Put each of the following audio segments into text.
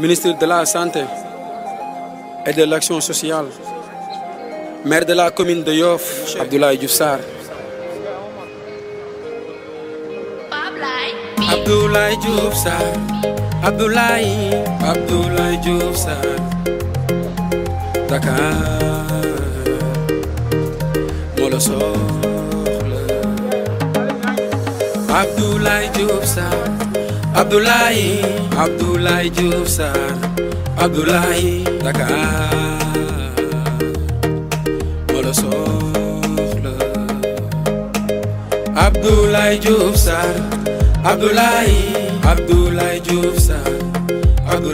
ministre de la santé et de l'action sociale maire de la commune de Yoff Abdoulaye Diouf Sarr Abdoulaye Dakar moo la Abdoulaye Abdoulaye Diouf Sarr Abdoulaye Dakar la soxla Abdoulaye Diouf Sarr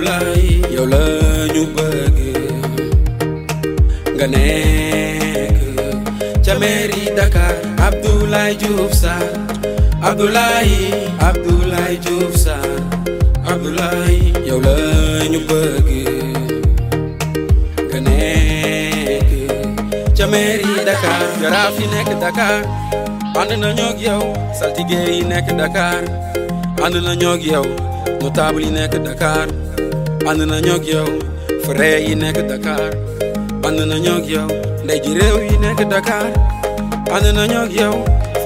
la ñu bëgg nga ca mairie Dakar Abdoulaye Diouf Abdoulaye Abdoulaye Diouf Sarr Abdoulaye yow la ñu bëgg ca mairie Dakar jaraaf yi nekk Dakar ànd nañoo ak yow saltige yi nekk Dakar ànd nañoo ak yow notable yi nekk Dakar ànd nañoo ak yow frère yi nekk Dakar ànd nañoo ak yow ndey ji réew yi nekk Dakar ànd nañoo ak yow.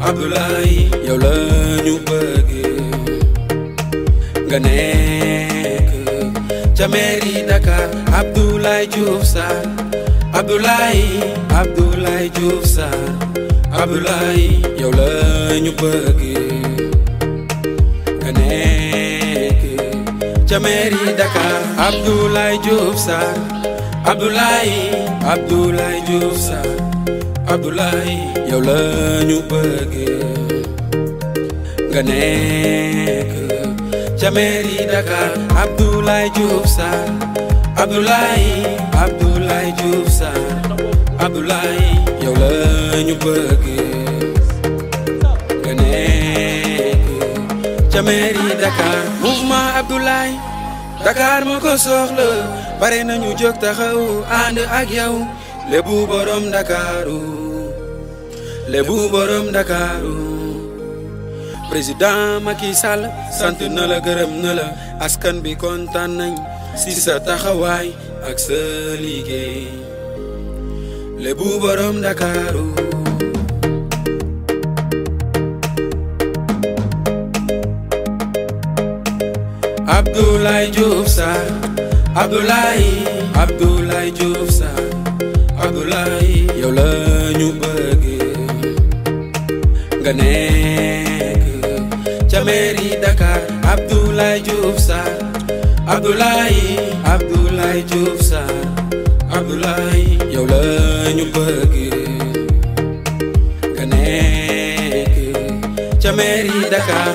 Abdoulaye yow la ñu bëgg nga nekk ca mairie Dakar Abdoulaye Diouf Sarr Abdoulaye Abdoulaye Diouf Sarr Abdoulaye yow ñu bëgg nga nekk ca mairie Dakar Abdoulaye Diouf Abdoulaye Abdoulaye Diouf Sarr Abdoulaye yow ñu bëgg nga nekk ca mairie Dakar Abdoulaye Diouf Sarr Abdoulaye Abdoulaye Diouf Sarr Abdoulaye ñu bëgg nga nekk ca mairie Dakar mouvement Abdoulaye Dakar moo ko soxla bare nañu jóg taxaw ànd ak yow lébu borom Dakaru lébu borom Dakaru président Macky Sall sant nala la gërëm na askan bi kontaan nañ si sa taxawaay ak sa liggéey lébu borom Dakaru Abdoulaye Diouf Sarr Abdoulaye Abdoulaye la ñu bëgg nga nekk ca mairie Dakar Abdoulaye Diouf Sarr Abdoulaye Abdoulaye Diouf Sarr Abdoulaye la ñu bëgg nga nekk Dakar.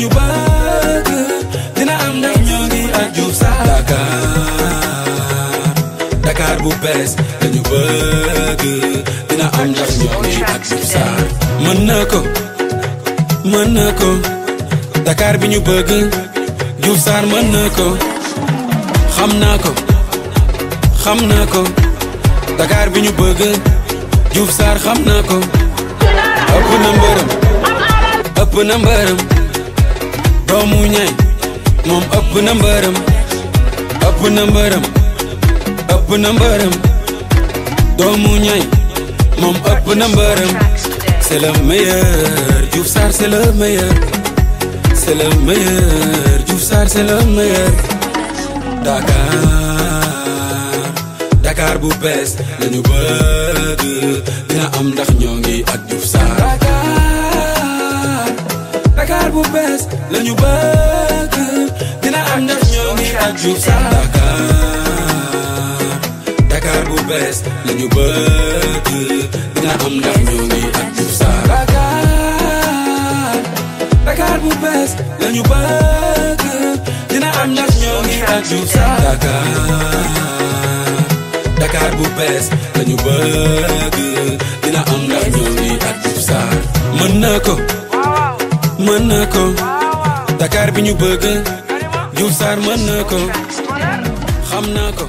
ñu bëgg dina am ndax ñoo ngi ak Diouf Sarr Dakar Dakar bu bees dañu bëgg dina am ndax ñoo ngi ak Diouf Sarr mën na ko mën na ko Dakar bi ñu bëgg Diouf Sarr mën na ko xam naa ko xam naa ko Dakar bi ñu bëgg Diouf Sarr xam naa ko ëpp na mbërëm ëpp na mbërëm doomu ñaay moom ëpp na mbërëm ëpp na mbërëm ëpp na mbërëm doomu ñaay moom ëpp na mbërëm c'est le meilleur Diouf Sarr c'est le meilleur c'est le Dakar Dakar bu bees lañu bëgg dina am ndax ñoo ngi ak Diouf bu bees la ñu bëgg dina am ndax ñoo ngi ak Diouf Sarr Dakar Dakar bu bees la ñu bëgg dina am ndax ñoo ngi ak Diouf Sarr Dakar Dakar bu bees la ñu bëgg dina am ndax ñoo ngi ak Diouf Sarr Dakar Dakar bu bees la ñu bëgg dina am ndax ñoo ngi ak Diouf Sarr mën na ko. mën na ko Dakar bi ñu bëgg Diouf Sarr mën na ko xam naa ko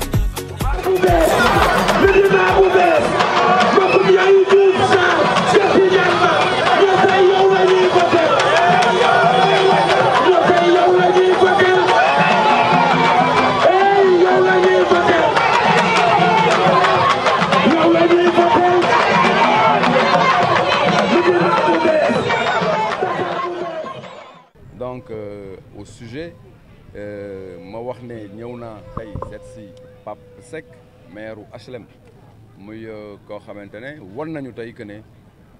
au sujet euh, ma wax ne ñëw naa tey seet si Pape Seck maire HLM muy euh, koo xamante ne wan nañu tey que ne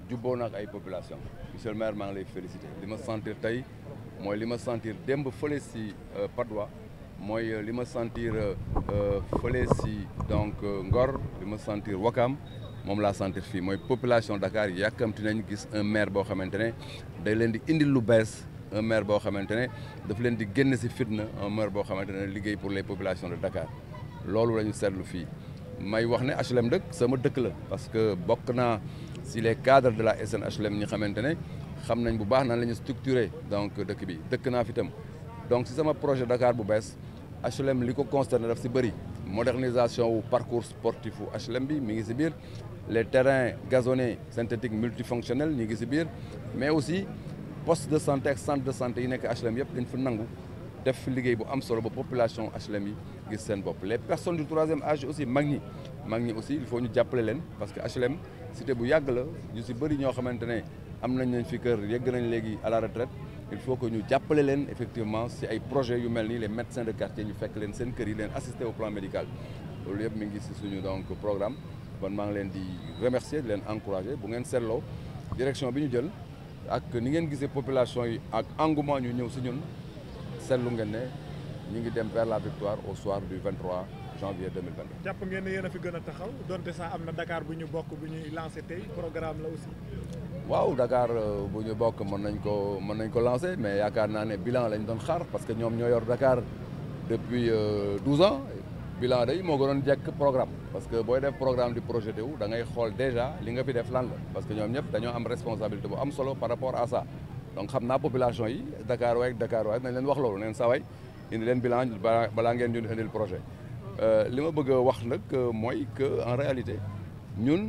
jubboo na ay population monsieur le maire maa ngi lay félicité li ma sentir tey mooy li ma sentir démb fële si euh, Padois mooy li ma sentir fële si donc Ngor li ma sentir Wakam moom laa sentir fii mooy population Dakar yàkkamti nañu gis un maire boo xamante ne day leen di indil lu bees un maire boo xamante ne daf leen di génn ci fitna un maire boo xamante ne liggéey pour les populations de Dakar loolu la ñu seetlu fii may wax ne HLM dëkk sama dëkk la parce que bokk naa ci les cadres de la SNHLM ñi xamante ne xam nañ bu baax nan la ñu structuré donc dëkk bi dëkk naa fi tam donc ci sama projet Dakar bu bees HLM li ko concerné daf ci bëri modernisation wu parcours sportif wu HLM bi mi ngi ci biir les terrains gazonnés synthétiques multifonctionnels ñu ngi ci biir mais aussi poste de santé ak centre de santé yi nekk HLM yëpp dañ fa nangu def liggéey bu am solo ba population HLM yi gis seen bopp les personnes du troisième age aussi mag ñi mag ñi aussi il faut ñu jàppale leen parce que HLM cité bu yàgg la ñu si bëri ñoo xamante ne am nañ leen fi kër yegg nañ léegi à la retraite il faut que ñu jàppale leen effectivement si ay projets yu mel nii le médecins de quartier ñu fekk leen seen kër yi leen assister au plan médical loolu yëpp ngi si suñu donc programme kon maa ngi leen di remercier leen encourager bu ngeen seetloo direction bi ñu jël ak ni ngeen gisee population yi ak engouement ñu ñëw si ñun seetlu ngeen ne ñu ngi dem vers la victoire au soir du 23 janvier 2022. jàpp ngeen ne yéen a fi gën a taxaw donte sax am na Dakar bu ñu bokk bu ñuy lancé tey programme la aussi. waaw dakaar euh, bu ñu bokk mën nañ ko mën nañ ko lancé mais yaakaar naa ne bilan lañ doon xaar parce que ñoom ñoo yor Dakar depuis 12 euh, ans. bilan day moo gënoon jekk programme parce que booy def programme di projeté wu da ngay xool déjà li nga fi def lan la parce que ñoom ñëpp dañoo am responsabilité bu am solo par rapport à ça donc xam naa population yi Dakar waay Dakar waay nañ leen wax loolu neen saway indi leen bilan balaa ngeen ñu indil projet euh, li ma bëgg a wax nag euh, mooy que en réalité ñun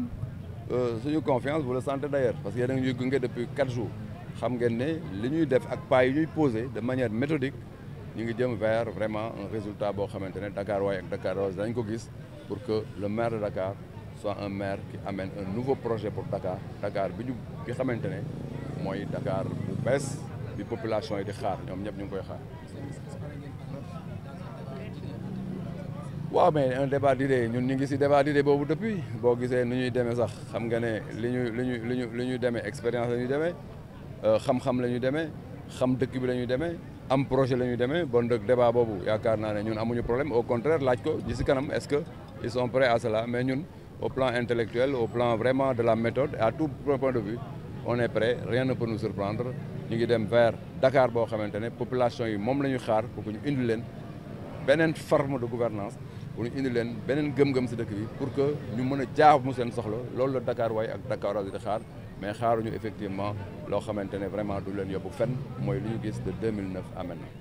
euh, suñu confiance vous le sentez d'ailleurs parce que yéen a ngi ñuy gunge depuis quatre jours xam ngeen ne li ñuy def ak pas yi posé de manière méthodique ñu ngi jëm vers vraiment un résultat boo xamante ne dakaar waaye ak Dakar Rose dañ ko gis pour que le maire de Dakar soit un maire qui amène un nouveau projet pour Dakar Dakar bi ñu bi xamante ne mooy Dakar bu bees bi population yi di xaar ñoom ñëpp ñu ngi koy xaar. waaw mais un débat d'idées ñun ñu ngi ci débat d'idées boobu depuis boo gisee nu ñuy demee sax xam nga ne li ñu li ñu li ñu li ñuy demee expérience la ñuy demee euh, xam-xam la ñuy demee xam dëkk bi la ñuy demee. am projet la ñuy demee bon nag débat boobu yaakaar naa ne ñun amuñu problème au contraire laaj ko ji si kanam est-ce que ils sont prêts à cela mais ñun au plan intellectuel au plan vraiment de la méthode à tout point de vue on est prêt rien ne peut surprendre ñu ngi dem vers dakaar boo xamante ne population yi moom la ñu xaar pour que ñu indi leen beneen forme de gouvernance pour ñu indi leen beneen gëm-gëm si dëkk bi pour que ñu mën a jaamu seen soxla loolu la Dakar waaye ak Dakar di xaar mais xaaruñu effectivement loo xamante ne vraiment du leen yóbbu fenn mooy li ñu gis de 2009 à maintenant.